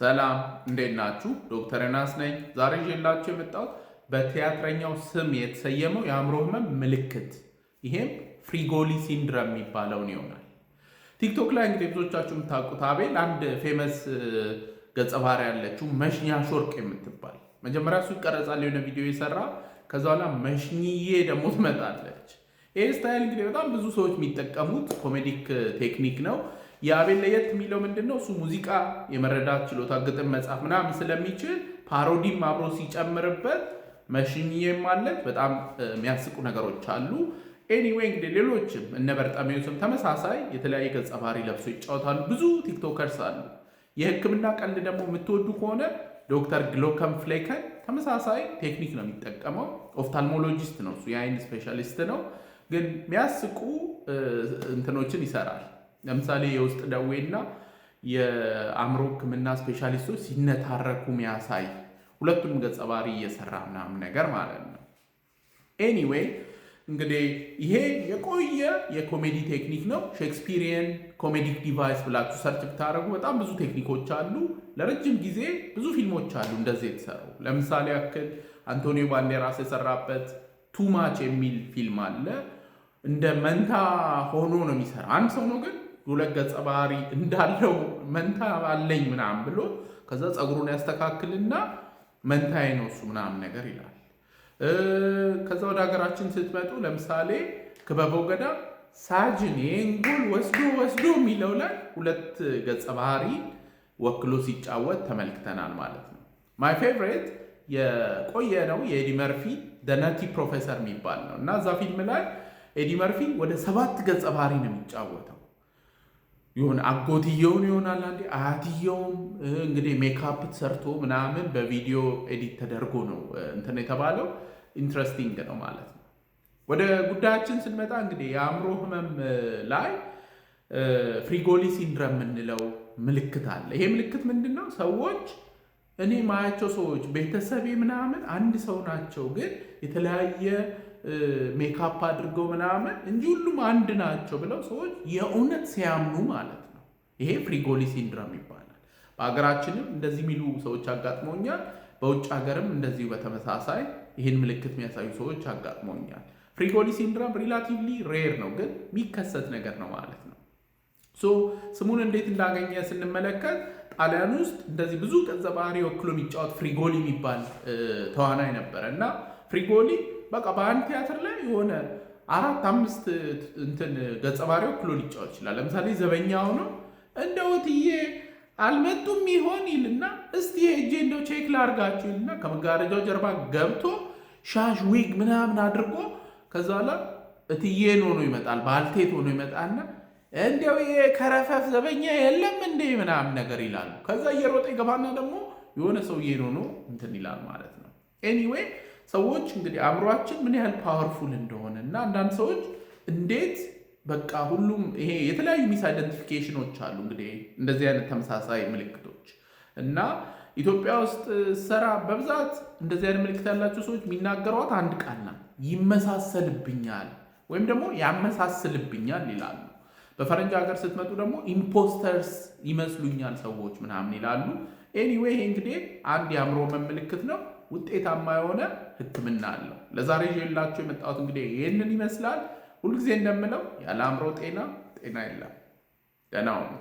ሰላም እንዴት ናችሁ? ዶክተር ዮናስ ነኝ። ዛሬ ይዤላችሁ የመጣሁት በቲያትረኛው ስም የተሰየመው የአእምሮ ህመም ምልክት ይሄም ፍሪጎሊ ሲንድረም የሚባለውን ይሆናል። ቲክቶክ ላይ እንግዲህ ብዙዎቻችሁ የምታውቁት አቤል አንድ ፌመስ ገጸ ባህሪ ያለችው መሽኛ ሾርቅ የምትባል መጀመሪያ እሱ ይቀረጻል የሆነ ቪዲዮ የሰራ ከዛ በኋላ መሽኝዬ ደግሞ ትመጣለች። ይህ ስታይል እንግዲህ በጣም ብዙ ሰዎች የሚጠቀሙት ኮሜዲክ ቴክኒክ ነው። የአቤል ለየት የሚለው ምንድን ነው? እሱ ሙዚቃ የመረዳት ችሎታ ግጥም፣ መጻፍ ምናምን ስለሚችል ፓሮዲም አብሮ ሲጨምርበት መሽኝዬ ማለት በጣም የሚያስቁ ነገሮች አሉ። ኤኒዌይ እንግዲህ ሌሎችም እነ በርጣሜዎስም ተመሳሳይ የተለያየ ገጸ ባህሪ ለብሶ ይጫወታሉ። ብዙ ቲክቶከርስ አሉ። የህክምና ቀልድ ደግሞ የምትወዱ ከሆነ ዶክተር ግሎከም ፍሌከን ተመሳሳይ ቴክኒክ ነው የሚጠቀመው። ኦፍታልሞሎጂስት ነው እሱ፣ የአይን ስፔሻሊስት ነው። ግን የሚያስቁ እንትኖችን ይሰራል። ለምሳሌ የውስጥ ደዌና የአእምሮ ሕክምና ስፔሻሊስቶች ሲነታረኩ የሚያሳይ ሁለቱንም ገጸ ባህሪ እየሰራ ምናምን ነገር ማለት ነው። ኤኒዌይ እንግዲህ ይሄ የቆየ የኮሜዲ ቴክኒክ ነው። ሼክስፒሪየን ኮሜዲክ ዲቫይስ ብላችሁ ሰርች ብታደረጉ በጣም ብዙ ቴክኒኮች አሉ። ለረጅም ጊዜ ብዙ ፊልሞች አሉ እንደዚህ የተሰሩ። ለምሳሌ ያክል አንቶኒዮ ባንዴራስ የሰራበት ቱማች የሚል ፊልም አለ። እንደ መንታ ሆኖ ነው የሚሰራ አንድ ሰው ነው ግን ሁለት ገጸ ባህሪ እንዳለው መንታ አለኝ ምናምን ብሎ ከዛ ፀጉሩን ያስተካክልና መንታዬ ነው እሱ ምናምን ነገር ይላል። ከዛ ወደ ሀገራችን ስትመጡ ለምሳሌ ክበበው ገዳ ሳጅን ይህን ወስዶ ወስዶ የሚለው ላይ ሁለት ገጸ ባህሪ ወክሎ ሲጫወት ተመልክተናል ማለት ነው። ማይ ፌቨሬት የቆየ ነው የኤዲ መርፊ ደነቲ ፕሮፌሰር የሚባል ነው እና እዛ ፊልም ላይ ኤዲ መርፊ ወደ ሰባት ገጸ ባህሪ ነው የሚጫወተው የሆነ አጎትየውን ይሆናል አንዴ አያትየውም እንግዲህ ሜካፕ ሰርቶ ምናምን በቪዲዮ ኤዲት ተደርጎ ነው እንትን የተባለው። ኢንትረስቲንግ ነው ማለት ነው። ወደ ጉዳያችን ስንመጣ እንግዲህ የአእምሮ ህመም ላይ ፍሪጎሊ ሲንድረም የምንለው ምልክት አለ። ይሄ ምልክት ምንድን ነው? ሰዎች እኔ ማያቸው ሰዎች ቤተሰቤ ምናምን አንድ ሰው ናቸው፣ ግን የተለያየ ሜካፕ አድርገው ምናምን እንጂ ሁሉም አንድ ናቸው ብለው ሰዎች የእውነት ሲያምኑ ማለት ነው። ይሄ ፍሪጎሊ ሲንድረም ይባላል። በሀገራችንም እንደዚህ የሚሉ ሰዎች አጋጥመውኛል። በውጭ ሀገርም እንደዚሁ በተመሳሳይ ይህን ምልክት የሚያሳዩ ሰዎች አጋጥመውኛል። ፍሪጎሊ ሲንድረም ሪላቲቭሊ ሬር ነው፣ ግን የሚከሰት ነገር ነው ማለት ነው። ሶ ስሙን እንዴት እንዳገኘ ስንመለከት ጣሊያን ውስጥ እንደዚህ ብዙ ገጸ ባህሪ ወክሎ የሚጫወት ፍሪጎሊ የሚባል ተዋናይ ነበረ እና ፍሪጎሊ በቃ በአንድ ቲያትር ላይ የሆነ አራት አምስት እንትን ገጸ ባህሪው ክሎ ሊጫወት ይችላል። ለምሳሌ ዘበኛ ሆኖ እንደው እትዬ አልመጡም ይሆን ይልና እስቲ ሄጄ እንደው ቼክ ላርጋችሁ ይልና ከመጋረጃው ጀርባ ገብቶ ሻሽ ዊግ ምናምን አድርጎ ከዛ በኋላ እትዬን ሆኖ ይመጣል፣ ባልቴት ሆኖ ይመጣና እንዲያው የከረፈፍ ዘበኛ የለም እንዴ ምናምን ነገር ይላሉ። ከዛ እየሮጠ ይገባና ደግሞ የሆነ ሰውዬን ሆኖ እንትን ይላል ማለት ነው ኤኒዌይ ሰዎች እንግዲህ አእምሯችን ምን ያህል ፓወርፉል እንደሆነ እና አንዳንድ ሰዎች እንዴት በቃ ሁሉም ይሄ የተለያዩ ሚስ አይደንቲፊኬሽኖች አሉ እንግዲህ እንደዚህ አይነት ተመሳሳይ ምልክቶች እና ኢትዮጵያ ውስጥ ስራ በብዛት እንደዚህ አይነት ምልክት ያላቸው ሰዎች የሚናገሯት አንድ ቃል ነው፣ ይመሳሰልብኛል ወይም ደግሞ ያመሳስልብኛል ይላሉ። በፈረንጅ ሀገር ስትመጡ ደግሞ ኢምፖስተርስ ይመስሉኛል ሰዎች ምናምን ይላሉ። ኤኒዌይ ይሄ እንግዲህ አንድ የአእምሮ መምልክት ነው። ውጤታማ የሆነ ህክምና አለው። ለዛሬ ይዤላችሁ የመጣሁት እንግዲህ ይህንን ይመስላል። ሁልጊዜ እንደምለው ያለ አእምሮ ጤና ጤና የለም። ደህና ሁኑ።